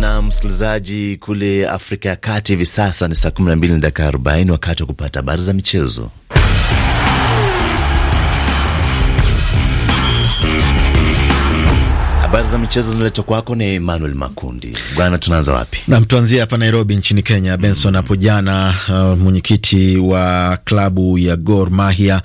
na msikilizaji kule Afrika ya Kati hivi sasa ni saa 12 na dakika 40, wakati wa kupata habari za michezo. Habari za michezo zinaletwa kwako na Emmanuel Makundi. Bwana, tunaanza wapi? Nam, tuanzie hapa Nairobi nchini Kenya. Benson hapo mm jana uh, mwenyekiti wa klabu ya Gor Mahia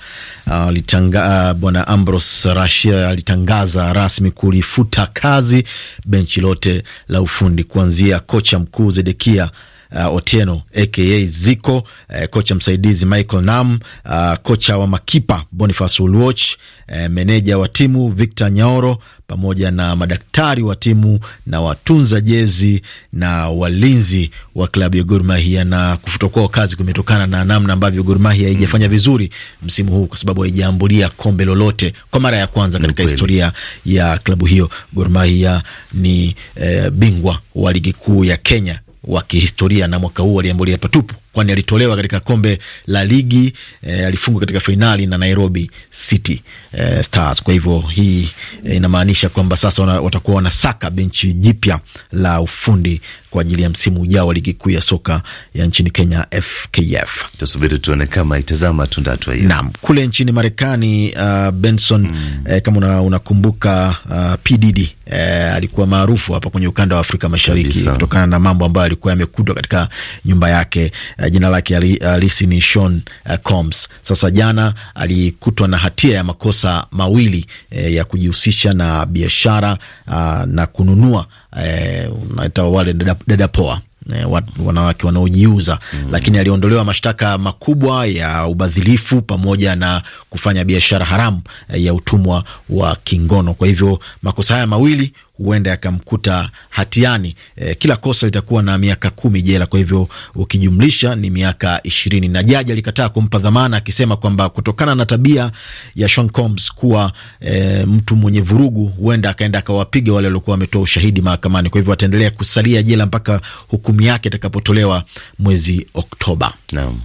uh, uh bwana Ambros Rashia alitangaza rasmi kulifuta kazi benchi lote la ufundi kuanzia kocha mkuu Zedekia uh, Otieno aka Ziko, uh, kocha msaidizi Michael Nam, uh, kocha wa makipa Boniface Oluoch, uh, meneja wa timu Victor Nyaoro pamoja na madaktari wa timu na watunza jezi na walinzi wa klabu ya Gor Mahia. Na kufutwa kwao kazi kumetokana na namna ambavyo Gor Mahia haijafanya vizuri msimu huu, kwa sababu haijaambulia kombe lolote kwa mara ya kwanza katika Mkweli. historia ya klabu hiyo. Gor Mahia ni eh, bingwa wa ligi kuu ya Kenya wa kihistoria na mwaka huu waliambulia patupu kwani alitolewa katika kombe la ligi e, alifungwa katika fainali na Nairobi City e, Stars. Kwa hivyo hii e, inamaanisha kwamba sasa wana, watakuwa wanasaka benchi jipya la ufundi kwa ajili ya msimu ujao wa ligi kuu ya soka ya nchini Kenya FKF. Tusubiri tuone kama itazama tunda hatua hiyo. Naam, kule nchini Marekani uh, Benson mm. eh, kama unakumbuka una, uh, PDD Diddy eh, alikuwa maarufu hapa kwenye ukanda wa Afrika Mashariki kutokana na mambo ambayo alikuwa yamekutwa katika nyumba yake eh, uh, jina lake halisi ni Sean uh, eh, Combs. Sasa jana alikutwa na hatia ya makosa mawili eh, ya kujihusisha na biashara uh, na kununua eh, unaita wale dada, poa eh, wanawake wanaojiuza mm. Lakini aliondolewa mashtaka makubwa ya ubadhilifu pamoja na kufanya biashara haramu ya utumwa wa kingono. Kwa hivyo makosa haya mawili huenda yakamkuta hatiani. E, kila kosa litakuwa na miaka kumi jela, kwa hivyo ukijumlisha ni miaka ishirini. Na jaji alikataa kumpa dhamana akisema kwamba kutokana na tabia ya Sean Combs kuwa e, mtu mwenye vurugu, huenda akaenda akawapiga wale waliokuwa wametoa ushahidi mahakamani. Kwa hivyo ataendelea kusalia jela mpaka hukumu yake itakapotolewa mwezi Oktoba. no.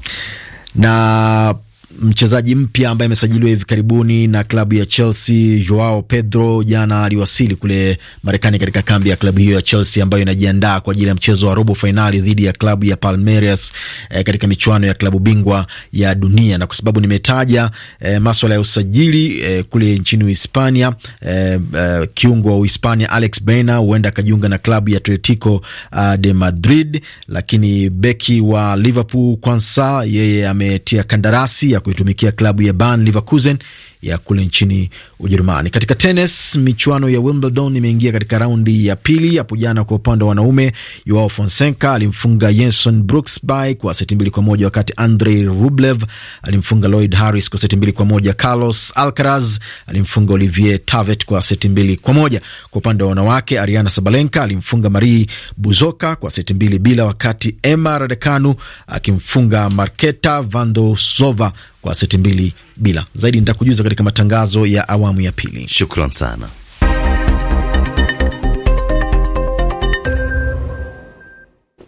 na mchezaji mpya ambaye amesajiliwa hivi karibuni na klabu ya Chelsea, Joao Pedro, jana aliwasili kule Marekani katika kambi ya klabu hiyo ya Chelsea ambayo inajiandaa kwa ajili ya mchezo wa robo fainali dhidi ya klabu ya Palmeiras eh, katika michuano ya klabu bingwa ya dunia. Na kwa sababu nimetaja eh, maswala ya usajili eh, kule nchini Uhispania eh, eh, kiungo wa Uhispania Alex Baena huenda akajiunga na klabu ya Atletico uh, de Madrid, lakini beki wa Liverpool Kwanza yeye ametia kandarasi ya kuitumikia klabu ya Bayer Leverkusen ya kule nchini Ujerumani. Katika tenis, michuano ya Wimbledon imeingia katika raundi ya pili hapo jana. Kwa upande wa wanaume, Joao Fonseca alimfunga Jenson Brooks by kwa seti mbili kwa moja wakati Andrei Rublev alimfunga Lloyd Harris kwa seti mbili kwa moja. Carlos Alcaraz alimfunga Olivier Tavet kwa seti mbili kwa moja. Kwa upande wa wanawake, Ariana Sabalenka alimfunga Marie Buzoka kwa seti mbili bila, wakati Emma Raducanu akimfunga Marketa Vandosova kwa seti mbili bila. Zaidi nitakujuza katika matangazo ya awamu ya pili. Shukran sana.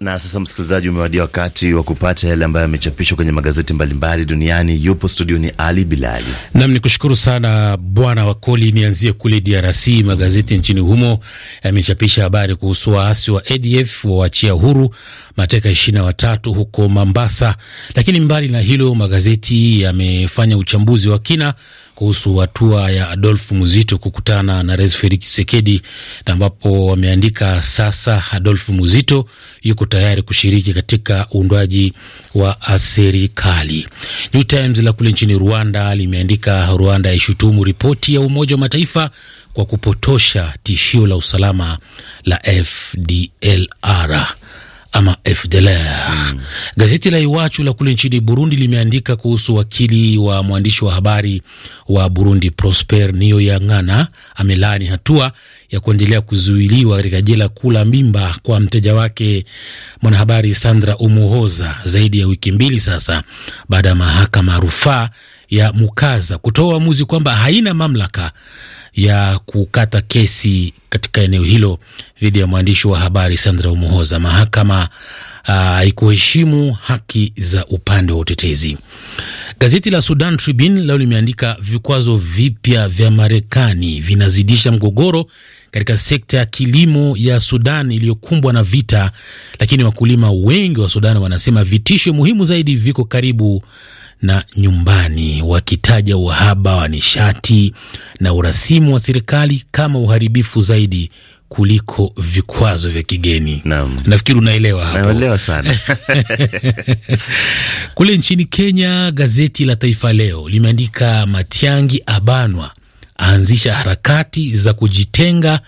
Na sasa, msikilizaji, umewadia wakati wa kupata yale ambayo yamechapishwa kwenye magazeti mbalimbali duniani. Yupo studioni Ali Bilali nam. Ni kushukuru sana Bwana Wakoli. Nianzie kule DRC. Magazeti nchini humo yamechapisha habari kuhusu waasi wa ADF wawachia huru mateka ishirini na watatu huko Mambasa. Lakini mbali na hilo, magazeti yamefanya uchambuzi wa kina kuhusu hatua ya Adolf Muzito kukutana na Rais Felix chisekedi na ambapo wameandika sasa Adolf Muzito yuko tayari kushiriki katika uundwaji wa serikali. New Times la kule nchini Rwanda limeandika Rwanda yaishutumu ripoti ya Umoja wa Mataifa kwa kupotosha tishio la usalama la FDLR ama FDLR. Mm. Gazeti la Iwachu la kule nchini Burundi limeandika kuhusu wakili wa mwandishi wa habari wa Burundi Prosper Niyoyang'ana amelaani hatua ya kuendelea kuzuiliwa katika jela kula mimba kwa mteja wake mwanahabari Sandra Umuhoza zaidi ya wiki mbili sasa baada ya mahakama rufaa ya Mukaza kutoa uamuzi kwamba haina mamlaka ya kukata kesi katika eneo hilo dhidi ya mwandishi wa habari Sandra Umuhoza. Mahakama ah, haikuheshimu uh, haki za upande wa utetezi. Gazeti la Sudan Tribune leo limeandika vikwazo vipya vya Marekani vinazidisha mgogoro katika sekta ya kilimo ya Sudan iliyokumbwa na vita, lakini wakulima wengi wa Sudan wanasema vitisho muhimu zaidi viko karibu na nyumbani, wakitaja uhaba wa nishati na urasimu wa serikali kama uharibifu zaidi kuliko vikwazo vya kigeni. Nafikiri unaelewa hapo. Naelewa sana. Kule nchini Kenya, gazeti la Taifa Leo limeandika Matiangi abanwa aanzisha harakati za kujitenga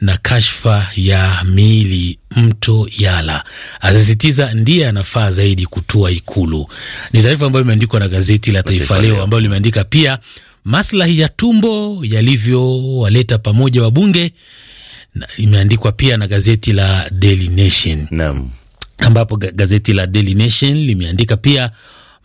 na kashfa ya miili mto Yala, asisitiza ndiye anafaa zaidi kutua Ikulu. Ni taarifa ambayo imeandikwa na gazeti la Taifa Leo ambayo limeandika pia maslahi ya tumbo yalivyowaleta pamoja wabunge, imeandikwa pia na gazeti la Daily Nation. ambapo gazeti la Daily Nation limeandika pia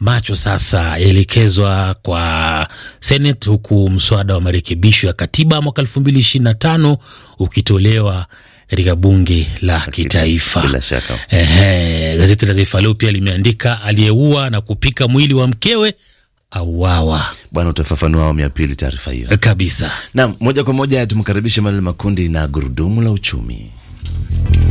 macho sasa yaelekezwa kwa Senate, huku mswada wa marekebisho ya katiba mwaka elfu mbili ishirini na tano ukitolewa katika bunge la kitaifa. Ehe, gazeti la Taifa Leo pia limeandika aliyeua na kupika mwili wa mkewe auawa. Bwana, utafafanua awamu ya pili taarifa hiyo eh, kabisa. Naam, moja kwa moja tumkaribishe Manuel Makundi na gurudumu la uchumi. mm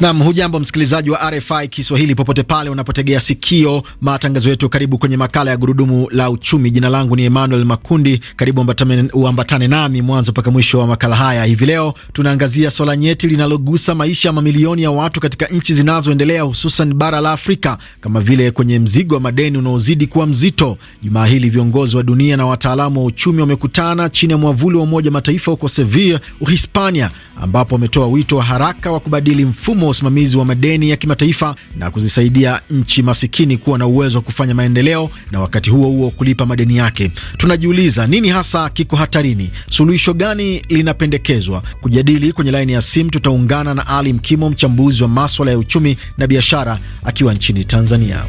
Nam, hujambo msikilizaji wa RFI Kiswahili popote pale unapotegea sikio matangazo yetu. Karibu kwenye makala ya gurudumu la uchumi. Jina langu ni Emmanuel Makundi. Karibu uambatane nami mwanzo mpaka mwisho wa makala haya. Hivi leo tunaangazia swala nyeti linalogusa maisha ya mamilioni ya watu katika nchi zinazoendelea, hususan bara la Afrika, kama vile kwenye mzigo wa madeni unaozidi kuwa mzito. Jumaa hili viongozi wa dunia na wataalamu wa uchumi wamekutana chini ya mwavuli wa Umoja Mataifa huko Sevilla, Uhispania ambapo ametoa wito wa haraka wa kubadili mfumo wa usimamizi wa madeni ya kimataifa na kuzisaidia nchi masikini kuwa na uwezo wa kufanya maendeleo na wakati huo huo kulipa madeni yake. Tunajiuliza nini hasa kiko hatarini? Suluhisho gani linapendekezwa? Kujadili kwenye laini ya simu tutaungana na Ali Mkimo, mchambuzi wa maswala ya uchumi na biashara, akiwa nchini Tanzania.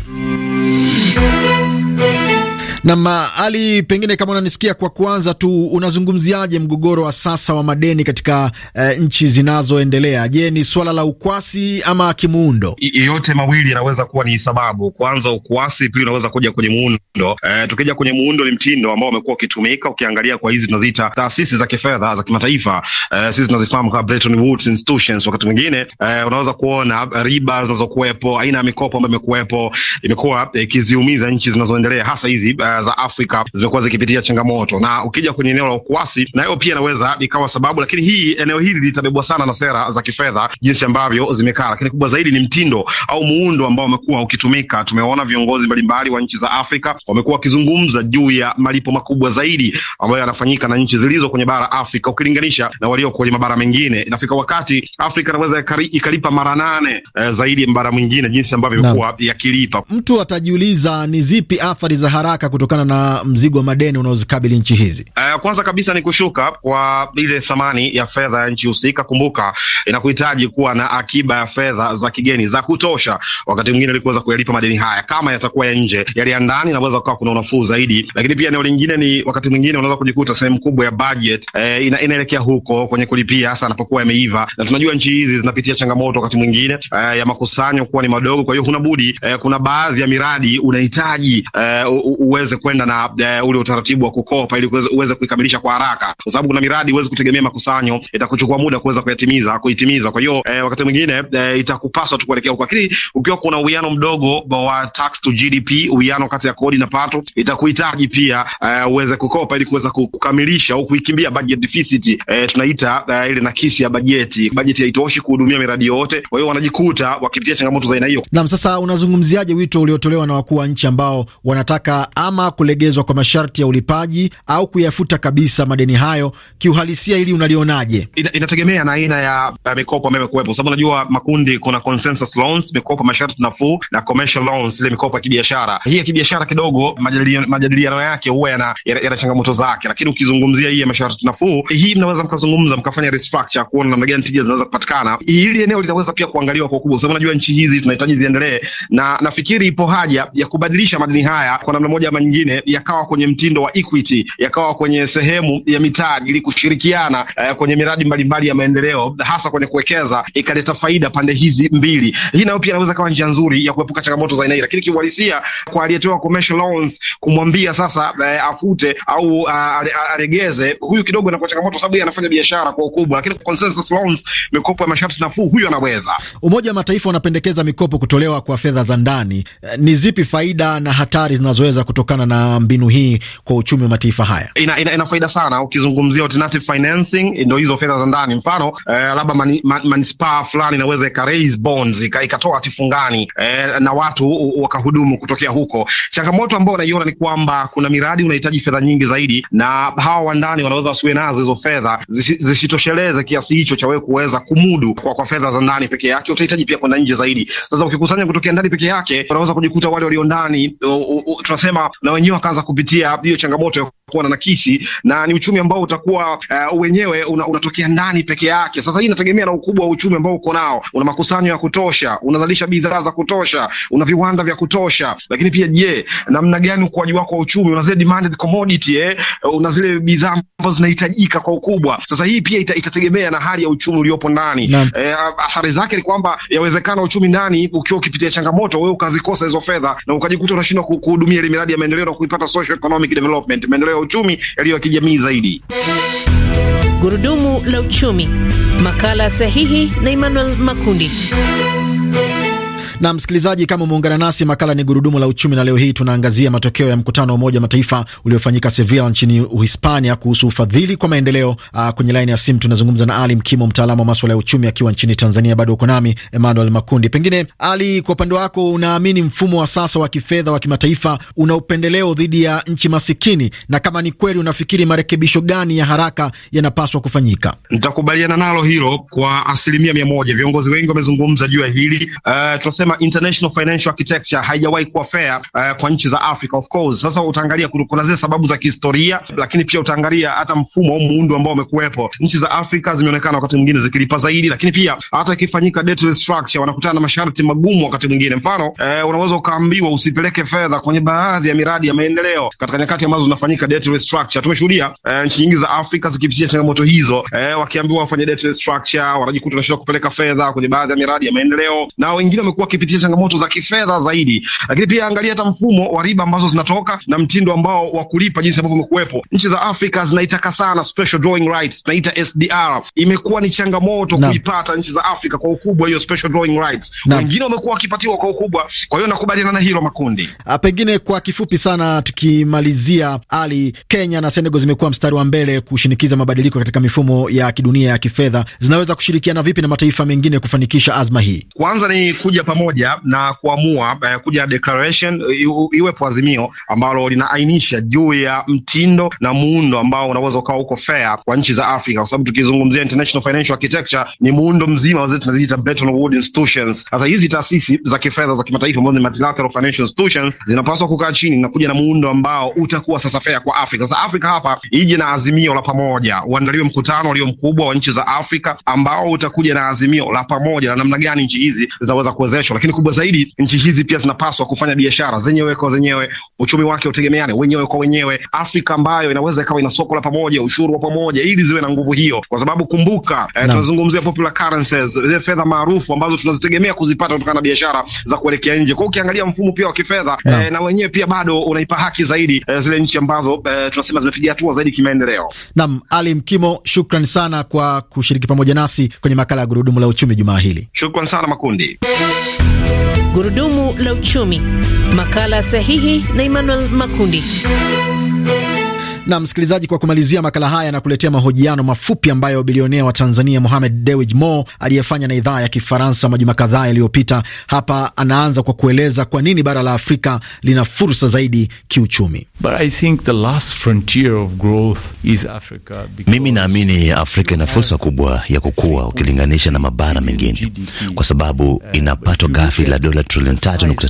Na Ali, pengine kama unanisikia, kwa kwanza tu, unazungumziaje mgogoro wa sasa wa madeni katika e, nchi zinazoendelea? Je, ni swala la ukwasi ama kimuundo? Yote mawili yanaweza kuwa ni sababu. Kwanza ukwasi, pia unaweza kuja kwenye muundo. e, tukija kwenye muundo, ni mtindo ambao umekuwa ukitumika. Ukiangalia kwa hizi tunaziita taasisi za kifedha za kimataifa, e, sisi tunazifahamu kama Bretton Woods institutions. Wakati mwingine e, unaweza kuona riba zinazokuwepo, aina ya mikopo ambayo imekuwepo imekuwa ikiziumiza nchi zinazoendelea hasa hizi e, za Afrika zimekuwa zikipitia changamoto, na ukija kwenye eneo la ukuasi, na hiyo pia inaweza ikawa sababu, lakini hii eneo hili litabebwa sana na sera za kifedha jinsi ambavyo zimekaa, lakini kubwa zaidi ni mtindo au muundo ambao umekuwa ukitumika. Tumeona viongozi mbalimbali wa nchi za Afrika wamekuwa wakizungumza juu ya malipo makubwa zaidi ambayo yanafanyika na nchi zilizo kwenye bara Afrika ukilinganisha na walio kwenye mabara mengine. Inafika wakati Afrika inaweza ikalipa mara nane eh, zaidi ya mabara mengine jinsi ambavyo imekuwa yakilipa. Mtu atajiuliza ni zipi athari za haraka kutokana na mzigo wa madeni unaozikabili nchi hizi? Uh, kwanza kabisa ni kushuka kwa ile thamani ya fedha ya nchi husika. Kumbuka inakuhitaji kuwa na akiba ya fedha za kigeni za kutosha, wakati mwingine ili kuweza kuyalipa madeni haya. Kama yatakuwa ya nje, yale ya ndani naweza kuwa kuna unafuu zaidi, lakini pia eneo lingine ni wakati mwingine unaweza kujikuta sehemu kubwa ya budget eh, ina, inaelekea huko kwenye kulipia, hasa anapokuwa yameiva, na tunajua nchi hizi zinapitia changamoto wakati mwingine eh, ya makusanyo kuwa ni madogo. Kwa hiyo hunabudi eh, kuna baadhi ya miradi unahitaji eh, uweze uweze kwenda na uh, ule utaratibu wa kukopa ili uweze kuikamilisha kwa haraka, kwa sababu kuna miradi huwezi kutegemea makusanyo, itakuchukua muda kuweza kuyatimiza kuitimiza. Kwa hiyo uh, wakati mwingine uh, itakupaswa tu kuelekea huko, lakini ukiwa kuna uwiano mdogo wa tax to GDP, uwiano kati ya kodi na pato, itakuhitaji pia uh, uweze kukopa ili kuweza kukamilisha au kuikimbia budget deficit, uh, tunaita uh, ile nakisi ya bajeti. Bajeti haitoshi kuhudumia miradi yote, kwa hiyo wanajikuta wakipitia changamoto za aina hiyo. Naam, sasa unazungumziaje wito uliotolewa na wakuu wa nchi ambao wanataka ama kama kulegezwa kwa masharti ya ulipaji au kuyafuta kabisa madeni hayo. Kiuhalisia ili unalionaje? Ina, inategemea na aina ya uh, mikopo ambayo imekuwepo, sababu unajua makundi, kuna consensus loans, mikopo masharti nafuu, na commercial loans, ile mikopo ya kibiashara. Hii ya kibiashara kidogo majadiliano yake huwa yana, yana changamoto zake, lakini ukizungumzia hii ya masharti nafuu, hii mnaweza mkazungumza mkafanya restructure, kuona namna gani tija zinaweza kupatikana. Hili eneo litaweza pia kuangaliwa kwa ukubwa, sababu unajua nchi hizi tunahitaji ziendelee, na nafikiri ipo haja ya kubadilisha madeni haya kwa namna moja ama mengine yakawa kwenye mtindo wa equity, yakawa kwenye sehemu ya mitaji ili kushirikiana eh, kwenye miradi mbalimbali ya maendeleo, hasa kwenye kuwekeza, ikaleta faida pande hizi mbili. Hii nayo pia inaweza kuwa njia nzuri ya kuepuka changamoto za aina hii, lakini kiuhalisia kwa aliyetoa commercial loans kumwambia sasa eh, afute au uh, aregeze huyu, kidogo anakuwa changamoto, sababu yeye anafanya biashara kwa ukubwa, lakini consensus loans, mikopo ya masharti nafuu, huyu anaweza. Umoja wa Mataifa unapendekeza mikopo kutolewa kwa fedha za ndani. Eh, ni zipi faida na hatari zinazoweza kutokana kutokana na mbinu hii kwa uchumi wa mataifa haya? Ina, ina, ina faida sana. Ukizungumzia alternative financing, ndio hizo fedha za ndani. Mfano eh, labda mani, man, manispaa fulani inaweza ika raise bonds ikatoa hatifungani eh, na watu wakahudumu kutokea huko. Changamoto ambayo unaiona ni kwamba kuna miradi unahitaji fedha nyingi zaidi, na hawa wandani wanaweza wasiwe nazo hizo fedha, zisitosheleze kiasi hicho cha wewe kuweza kumudu kwa, kwa fedha za ndani peke yake. Utahitaji pia kwenda nje zaidi. Sasa ukikusanya kutokea ndani peke yake, unaweza kujikuta wale walio ndani, tunasema na wenyewe wakaanza kupitia hiyo changamoto ya kuwa na nakisi na ni uchumi ambao utakuwa uh, wenyewe unatokea una, ndani peke yake. Sasa hii inategemea na ukubwa wa uchumi ambao uko nao. Una makusanyo ya kutosha, unazalisha bidhaa za kutosha, una viwanda vya kutosha, lakini pia je, namna gani ukuaji wako wa uchumi? Una zile demanded commodity eh, una zile bidhaa ambazo zinahitajika kwa ukubwa. Sasa hii pia ita, itategemea na hali ya uchumi uliopo ndani eh, athari zake ni kwamba yawezekana uchumi ndani ukiwa ukipitia changamoto, wewe ukazikosa hizo fedha na ukajikuta unashindwa kuhudumia ile miradi ya maendeleo na kuipata socio economic development maendeleo uchumi yaliyo ya kijamii zaidi. Gurudumu la uchumi, makala sahihi na Emmanuel Makundi. Na msikilizaji, kama umeungana nasi, makala ni gurudumu la uchumi, na leo hii tunaangazia matokeo ya mkutano wa Umoja wa Mataifa uliofanyika Sevilla nchini Uhispania kuhusu ufadhili kwa maendeleo. Ah, kwenye laini ya simu tunazungumza na Ali Mkimo, mtaalamu wa maswala ya uchumi, akiwa nchini Tanzania. Bado uko nami Emmanuel Makundi. Pengine Ali, kwa upande wako, unaamini mfumo wa sasa wa kifedha wa kimataifa una upendeleo dhidi ya nchi masikini, na kama ni kweli, unafikiri marekebisho gani ya haraka yanapaswa kufanyika? Nitakubaliana nalo hilo kwa asilimia mia moja. Viongozi wengi wamezungumza juu ya hili. Uh, tunasema wanasema international financial architecture haijawahi kuwa fair uh, kwa nchi za Afrika. Of course sasa utaangalia kuna zile sababu za kihistoria, lakini pia utaangalia hata mfumo au muundo ambao umekuwepo. Nchi za Afrika zimeonekana wakati mwingine zikilipa zaidi, lakini pia hata ikifanyika debt restructure wanakutana na masharti magumu wakati mwingine. Mfano eh, unaweza ukaambiwa usipeleke fedha kwenye baadhi ya miradi ya maendeleo katika nyakati ambazo zinafanyika debt restructure. Tumeshuhudia eh, nchi nyingi za Afrika zikipitia changamoto hizo eh, wakiambiwa wafanye debt restructure wanajikuta wanashindwa kupeleka fedha kwenye baadhi ya miradi ya maendeleo, na wengine wamekuwa zipitia changamoto za kifedha zaidi, lakini pia angalia hata mfumo wa riba ambazo zinatoka na mtindo ambao wa kulipa jinsi ambavyo umekuwepo. Nchi za Afrika zinaitaka sana special drawing rights, naita SDR. Imekuwa ni changamoto no. kuipata nchi za Afrika kwa ukubwa hiyo special drawing rights no. wengine wamekuwa wakipatiwa kwa ukubwa. Kwa hiyo nakubaliana na hilo makundi. A, ah, pengine kwa kifupi sana tukimalizia, Ali, Kenya na Senegal zimekuwa mstari wa mbele kushinikiza mabadiliko katika mifumo ya kidunia ya kifedha, zinaweza kushirikiana vipi na mataifa mengine kufanikisha azma hii? Kwanza ni kuja pamoja pamoja na kuamua eh, kuja na declaration iwepo azimio ambalo linaainisha juu ya mtindo na muundo ambao unaweza ukawa uko fair kwa nchi za Afrika, kwa sababu tukizungumzia international financial architecture ni muundo mzima wazetu tunaziita Bretton Woods institutions. Sasa hizi taasisi za kifedha za kimataifa ambazo ni multilateral financial institutions zinapaswa kukaa chini na kuja na muundo ambao utakuwa sasa fair kwa Afrika. Sasa Afrika hapa ije na azimio la pamoja, uandaliwe mkutano ulio mkubwa wa nchi za Afrika ambao utakuja na azimio la pamoja la namna gani nchi hizi zinaweza kuwezeshwa lakini kubwa zaidi, nchi hizi pia zinapaswa kufanya biashara zenyewe kwa zenyewe, uchumi wake utegemeane wenyewe kwa wenyewe. Afrika ambayo inaweza ikawa ina soko la pamoja, ushuru wa pamoja, ili ziwe na nguvu hiyo, kwa sababu kumbuka, eh, tunazungumzia popular currencies, zile fedha maarufu ambazo tunazitegemea kuzipata kutokana na biashara za kuelekea nje. Kwa ukiangalia mfumo pia wa kifedha eh, na wenyewe pia bado unaipa haki zaidi eh, zile nchi ambazo eh, tunasema zimepiga hatua zaidi kimaendeleo. Naam, Ali Mkimo, shukrani sana kwa kushiriki pamoja nasi kwenye makala ya gurudumu la uchumi jumaa hili. Shukrani sana Makundi. Gurudumu la uchumi, makala sahihi na Emmanuel Makundi. Na msikilizaji, kwa kumalizia makala haya na kuletea mahojiano mafupi ambayo bilionea wa Tanzania Mohamed Dewji Mo aliyefanya na idhaa ya Kifaransa majuma kadhaa yaliyopita. Hapa anaanza kwa kueleza kwa nini bara la Afrika lina fursa zaidi kiuchumi. But I think the last frontier of growth is Africa because... mimi naamini Afrika ina fursa kubwa ya kukua ukilinganisha na mabara mengine, kwa sababu ina pato ghafi la dola trilioni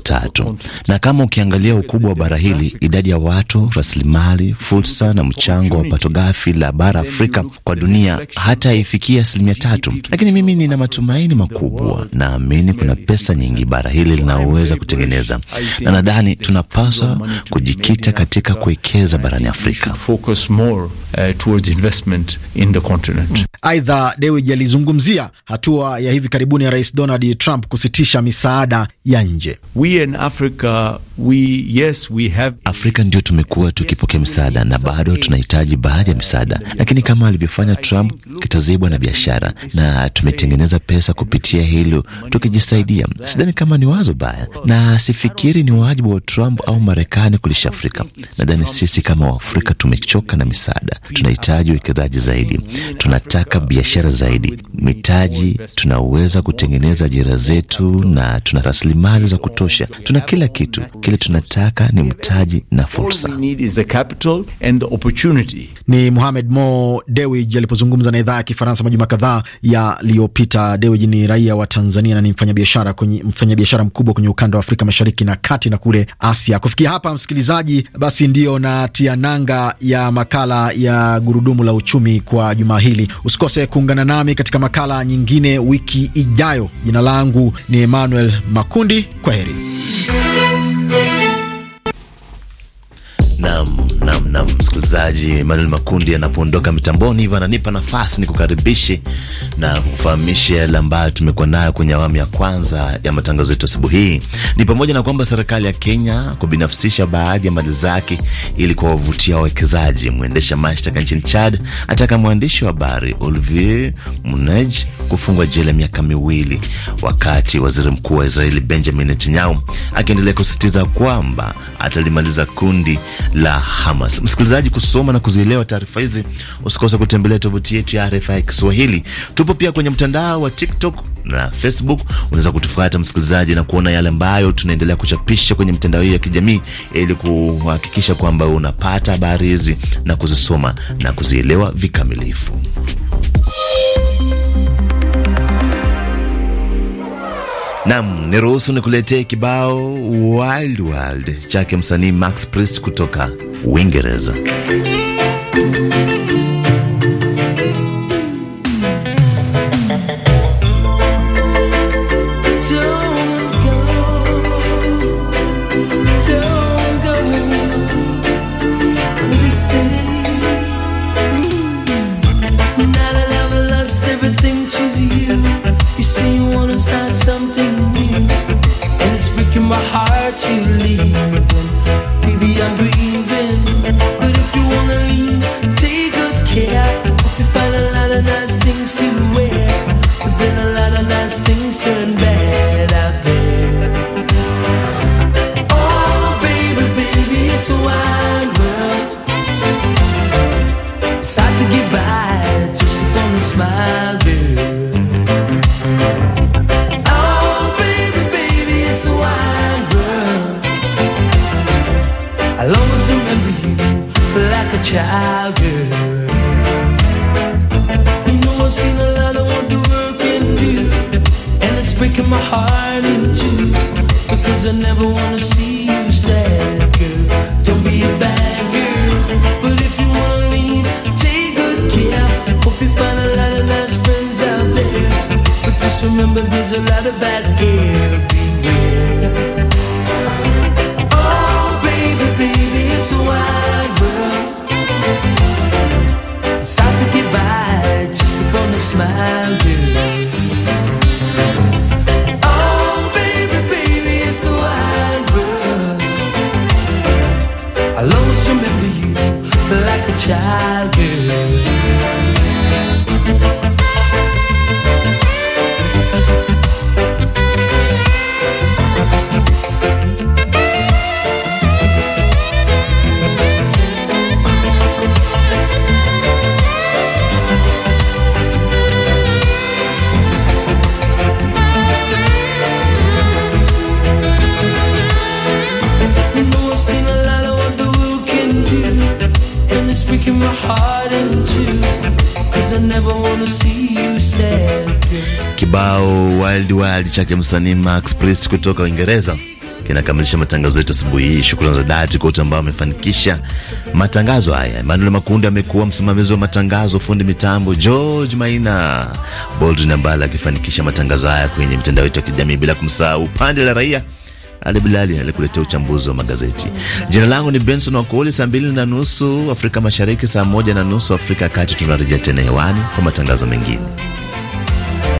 tatu na kama ukiangalia ukubwa wa bara hili, idadi ya watu, rasilimali, fursa na mchango wa pato ghafi la bara Afrika kwa dunia hata ifikia asilimia tatu, lakini mimi nina matumaini makubwa. Naamini kuna pesa nyingi bara hili linaweza kutengeneza, na nadhani tunapaswa kujikita katika kuwekeza barani Afrika. Eh, Aidha, Dewji alizungumzia hatua ya hivi karibuni ya Rais Donald Trump kusitisha misaada ya nje. Afrika, yes, have... Afrika ndio tumekuwa tukipokea misaada na bado tunahitaji baadhi ya misaada, lakini kama alivyofanya Trump kitazibwa na biashara, na tumetengeneza pesa kupitia hilo tukijisaidia. Sidhani kama ni wazo baya, na sifikiri ni wajibu wa Trump au Marekani kulisha Afrika. Nadhani sisi kama Waafrika tumechoka na misaada, tunahitaji uwekezaji zaidi, tunataka biashara zaidi, mitaji. Tunaweza kutengeneza ajira zetu na tuna rasilimali za kutosha, tuna kila kitu. Kile tunataka ni mtaji na fursa the opportunity. Ni Mohamed Mo dewi alipozungumza na idhaa ya Kifaransa majuma kadhaa yaliyopita. dewi ni raia wa Tanzania na ni mfanyabiashara kwenye mfanyabiashara mkubwa kwenye ukanda wa Afrika Mashariki na Kati na kule Asia. Kufikia hapa, msikilizaji, basi ndiyo na tia nanga ya makala ya gurudumu la uchumi kwa juma hili. Usikose kuungana nami katika makala nyingine wiki ijayo. Jina langu ni Emmanuel Makundi. Kwa heri. Nam, nam, nam, msikilizaji, Manuel Makundi anapoondoka mitamboni hivyo ananipa nafasi ni kukaribishe na kufahamisha yale ambayo tumekuwa nayo kwenye awamu ya kwanza ya matangazo yetu asubuhi hii. Ni pamoja na kwamba serikali ya Kenya kubinafsisha baadhi ya mali zake ili kuwavutia wawekezaji. Mwendesha mashtaka nchini Chad ataka mwandishi wa habari Olivier Munej kufungwa jela miaka miwili, wakati waziri mkuu wa Israeli Benjamin Netanyahu akiendelea kusisitiza kwamba atalimaliza kundi la Hamas. Msikilizaji, kusoma na kuzielewa taarifa hizi, usikose kutembelea tovuti yetu ya RFI Kiswahili. Tupo pia kwenye mtandao wa TikTok na Facebook. Unaweza kutufuata msikilizaji, na kuona yale ambayo tunaendelea kuchapisha kwenye mitandao hiyo ya kijamii, ili kuhakikisha kwamba unapata habari hizi na kuzisoma na kuzielewa vikamilifu. Nam ni ruhusu ni kibao Wild World chake msanii Max Priest kutoka Uingereza. childhood. You know I've seen a lot of what the world can do, and it's breaking my heart in two because I never wanna see you sad, girl. Don't be a bad girl, but if you wanna leave, take good care. Hope you find a lot of nice friends out there, but just remember there's a lot of bad girls. breaking my heart in two Cause I never wanna see you sad Kibao Wild Wild chake msanii Max Priest kutoka Uingereza kinakamilisha matangazo yetu asubuhi hii. Shukrani za dhati kwa wote ambao wamefanikisha matangazo haya. Emmanuel Makunda amekuwa msimamizi wa matangazo, fundi mitambo George Maina, Bold Nambala akifanikisha matangazo haya kwenye mitandao yetu ya kijamii, bila kumsahau upande la raia ali Bilali alikuletea uchambuzi wa magazeti. Jina langu ni Benson Wakoli. Saa mbili na nusu Afrika Mashariki, saa moja na nusu Afrika ya Kati. Tunarejea tena hewani kwa matangazo mengine.